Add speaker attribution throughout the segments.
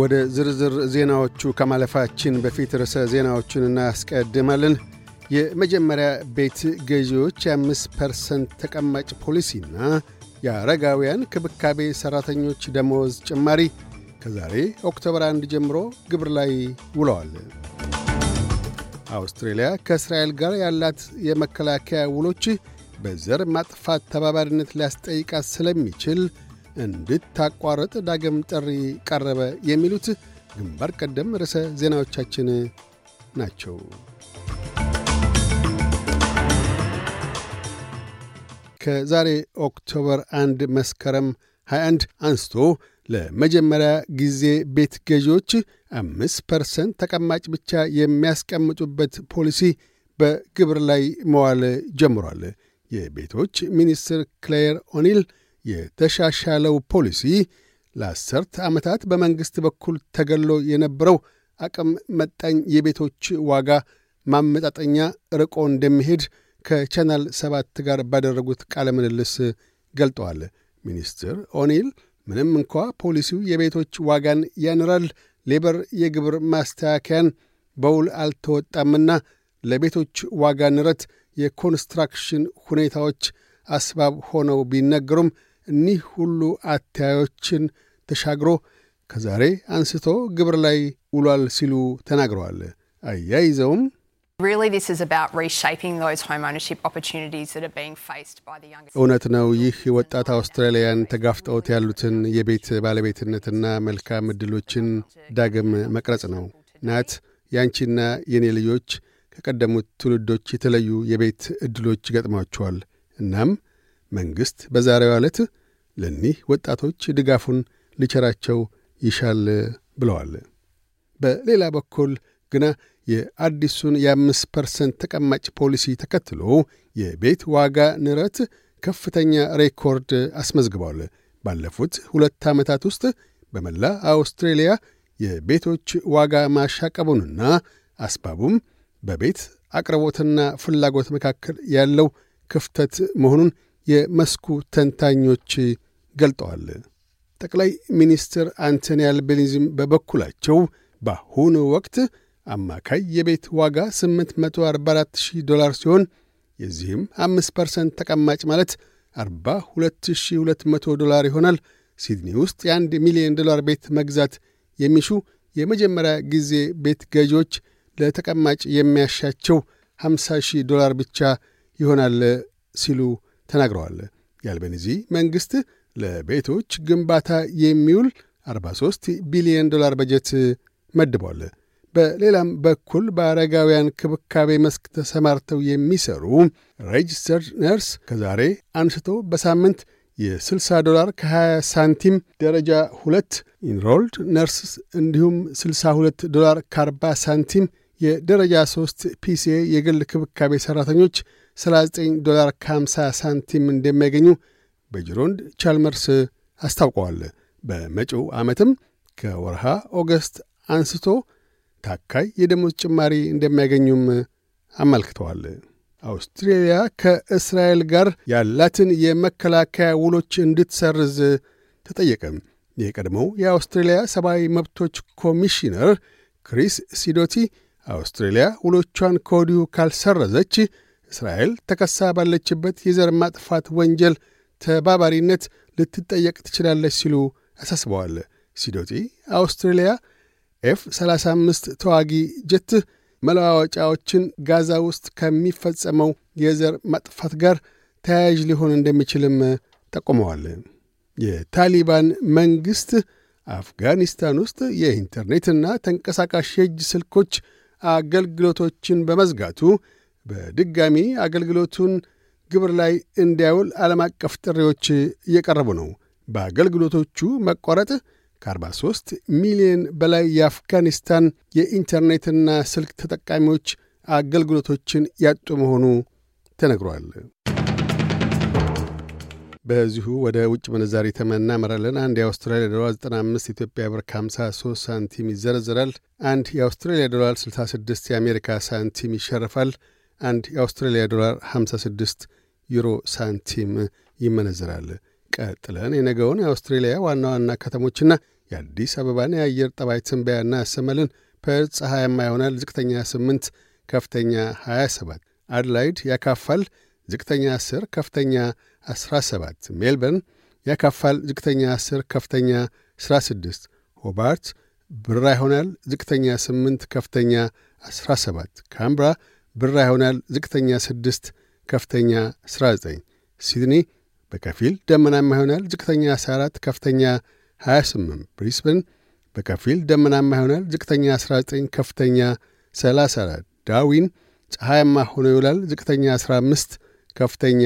Speaker 1: ወደ ዝርዝር ዜናዎቹ ከማለፋችን በፊት ርዕሰ ዜናዎቹን እናስቀድማለን። የመጀመሪያ ቤት ገዢዎች የአምስት ፐርሰንት ተቀማጭ ፖሊሲና የአረጋውያን ክብካቤ ሠራተኞች ደመወዝ ጭማሪ ከዛሬ ኦክቶበር 1 ጀምሮ ግብር ላይ ውለዋል። አውስትሬልያ ከእስራኤል ጋር ያላት የመከላከያ ውሎች በዘር ማጥፋት ተባባሪነት ሊያስጠይቃት ስለሚችል እንድታቋርጥ ዳግም ጥሪ ቀረበ የሚሉት ግንባር ቀደም ርዕሰ ዜናዎቻችን ናቸው። ከዛሬ ኦክቶበር 1 መስከረም 21 አንስቶ ለመጀመሪያ ጊዜ ቤት ገዢዎች 5 ፐርሰንት ተቀማጭ ብቻ የሚያስቀምጡበት ፖሊሲ በግብር ላይ መዋል ጀምሯል። የቤቶች ሚኒስትር ክሌር ኦኒል የተሻሻለው ፖሊሲ ለአስርት ዓመታት በመንግሥት በኩል ተገሎ የነበረው አቅም መጣኝ የቤቶች ዋጋ ማመጣጠኛ ርቆ እንደሚሄድ ከቻናል ሰባት ጋር ባደረጉት ቃለ ምልልስ ገልጠዋል። ሚኒስትር ኦኒል ምንም እንኳ ፖሊሲው የቤቶች ዋጋን ያንራል፣ ሌበር የግብር ማስተካከያን በውል አልተወጣምና ለቤቶች ዋጋ ንረት የኮንስትራክሽን ሁኔታዎች አስባብ ሆነው ቢነገሩም እኒህ ሁሉ አተያዮችን ተሻግሮ ከዛሬ አንስቶ ግብር ላይ ውሏል ሲሉ ተናግረዋል። አያይዘውም እውነት ነው። ይህ ወጣት አውስትራሊያን ተጋፍጠውት ያሉትን የቤት ባለቤትነትና መልካም ዕድሎችን ዳግም መቅረጽ ነው። ናት ያንቺና የኔ ልጆች ከቀደሙት ትውልዶች የተለዩ የቤት ዕድሎች ገጥሟቸዋል። እናም መንግሥት በዛሬዋ ዕለት ለኒህ ወጣቶች ድጋፉን ሊቸራቸው ይሻል ብለዋል። በሌላ በኩል ግና የአዲሱን የአምስት ፐርሰንት ተቀማጭ ፖሊሲ ተከትሎ የቤት ዋጋ ንረት ከፍተኛ ሬኮርድ አስመዝግቧል። ባለፉት ሁለት ዓመታት ውስጥ በመላ አውስትሬልያ የቤቶች ዋጋ ማሻቀቡንና አስባቡም በቤት አቅርቦትና ፍላጎት መካከል ያለው ክፍተት መሆኑን የመስኩ ተንታኞች ገልጠዋል። ጠቅላይ ሚኒስትር አንቶኒ አልቤኒዝም በበኩላቸው በአሁኑ ወቅት አማካይ የቤት ዋጋ 844000 ዶላር ሲሆን የዚህም 5 ፐርሰንት ተቀማጭ ማለት 42200 ዶላር ይሆናል። ሲድኒ ውስጥ የአንድ ሚሊዮን ዶላር ቤት መግዛት የሚሹ የመጀመሪያ ጊዜ ቤት ገዢዎች ለተቀማጭ የሚያሻቸው 50 ሺህ ዶላር ብቻ ይሆናል ሲሉ ተናግረዋል። የአልቤኒዚ መንግሥት ለቤቶች ግንባታ የሚውል 43 ቢሊዮን ዶላር በጀት መድቧል። በሌላም በኩል በአረጋውያን ክብካቤ መስክ ተሰማርተው የሚሰሩ ሬጅስተርድ ነርስ ከዛሬ አንስቶ በሳምንት የ60 ዶላር ከ20 ሳንቲም ደረጃ ሁለት ኢንሮልድ ነርስ እንዲሁም 62 ዶላር ከ40 ሳንቲም የደረጃ 3 ፒሲኤ የግል ክብካቤ ሠራተኞች 39 ዶላር ከ50 ሳንቲም እንደሚያገኙ በጅሮንድ ቻልመርስ አስታውቀዋል። በመጪው ዓመትም ከወርሃ ኦገስት አንስቶ ታካይ የደሞዝ ጭማሪ እንደሚያገኙም አመልክተዋል። አውስትሬልያ ከእስራኤል ጋር ያላትን የመከላከያ ውሎች እንድትሰርዝ ተጠየቀ። የቀድሞው የአውስትሬልያ ሰብአዊ መብቶች ኮሚሽነር ክሪስ ሲዶቲ አውስትሬልያ ውሎቿን ከወዲሁ ካልሰረዘች እስራኤል ተከሳ ባለችበት የዘር ማጥፋት ወንጀል ተባባሪነት ልትጠየቅ ትችላለች ሲሉ አሳስበዋል። ሲዶቲ አውስትሬልያ ኤፍ 35 ተዋጊ ጀት መለዋወጫዎችን ጋዛ ውስጥ ከሚፈጸመው የዘር ማጥፋት ጋር ተያያዥ ሊሆን እንደሚችልም ጠቁመዋል። የታሊባን መንግሥት አፍጋኒስታን ውስጥ የኢንተርኔትና ተንቀሳቃሽ የእጅ ስልኮች አገልግሎቶችን በመዝጋቱ በድጋሚ አገልግሎቱን ግብር ላይ እንዲያውል ዓለም አቀፍ ጥሪዎች እየቀረቡ ነው። በአገልግሎቶቹ መቋረጥ ከ43 ሚሊዮን በላይ የአፍጋኒስታን የኢንተርኔትና ስልክ ተጠቃሚዎች አገልግሎቶችን ያጡ መሆኑ ተነግሯል። በዚሁ ወደ ውጭ ምንዛሪ ተመናመራለን። አንድ የአውስትራሊያ ዶላር 95 ኢትዮጵያ ብር ከ53 ሳንቲም ይዘረዝራል። አንድ የአውስትራሊያ ዶላር 66 የአሜሪካ ሳንቲም ይሸርፋል። አንድ የአውስትራሊያ ዶላር 56 ዩሮ ሳንቲም ይመነዝራል። ቀጥለን የነገውን የአውስትሬልያ ዋና ዋና ከተሞችና የአዲስ አበባን የአየር ጠባይ ትንበያና ያሰማልን። ፐርዝ ፀሐያማ ይሆናል። ዝቅተኛ 8፣ ከፍተኛ 27። አድላይድ ያካፋል። ዝቅተኛ 10፣ ከፍተኛ 17። ሜልበርን ያካፋል። ዝቅተኛ 10፣ ከፍተኛ 16። ሆባርት ብራ ይሆናል። ዝቅተኛ 8፣ ከፍተኛ 17። ካምብራ ብራ ይሆናል። ዝቅተኛ 6፣ ከፍተኛ 19። ሲድኒ በከፊል ደመናማ ይሆናል። ዝቅተኛ 14፣ ከፍተኛ 28። ብሪስበን በከፊል ደመናማ ይሆናል። ዝቅተኛ 19፣ ከፍተኛ 34። ዳዊን ፀሐያማ ሆኖ ይውላል። ዝቅተኛ 15፣ ከፍተኛ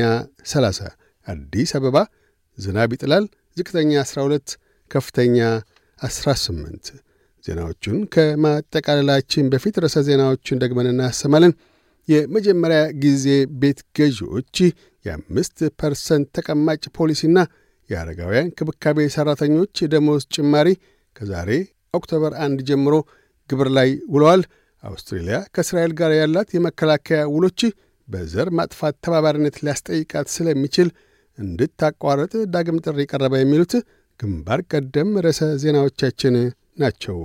Speaker 1: 30። አዲስ አበባ ዝናብ ይጥላል። ዝቅተኛ 12፣ ከፍተኛ 18። ዜናዎቹን ከማጠቃለላችን በፊት ርዕሰ ዜናዎቹን ደግመን እናሰማለን። የመጀመሪያ ጊዜ ቤት ገዢዎች የአምስት ፐርሰንት ተቀማጭ ፖሊሲና የአረጋውያን ክብካቤ ሠራተኞች ደሞዝ ጭማሪ ከዛሬ ኦክቶበር 1 ጀምሮ ግብር ላይ ውለዋል። አውስትሬልያ ከእስራኤል ጋር ያላት የመከላከያ ውሎች በዘር ማጥፋት ተባባሪነት ሊያስጠይቃት ስለሚችል እንድታቋርጥ ዳግም ጥሪ ቀረበ። የሚሉት ግንባር ቀደም ርዕሰ ዜናዎቻችን ናቸው።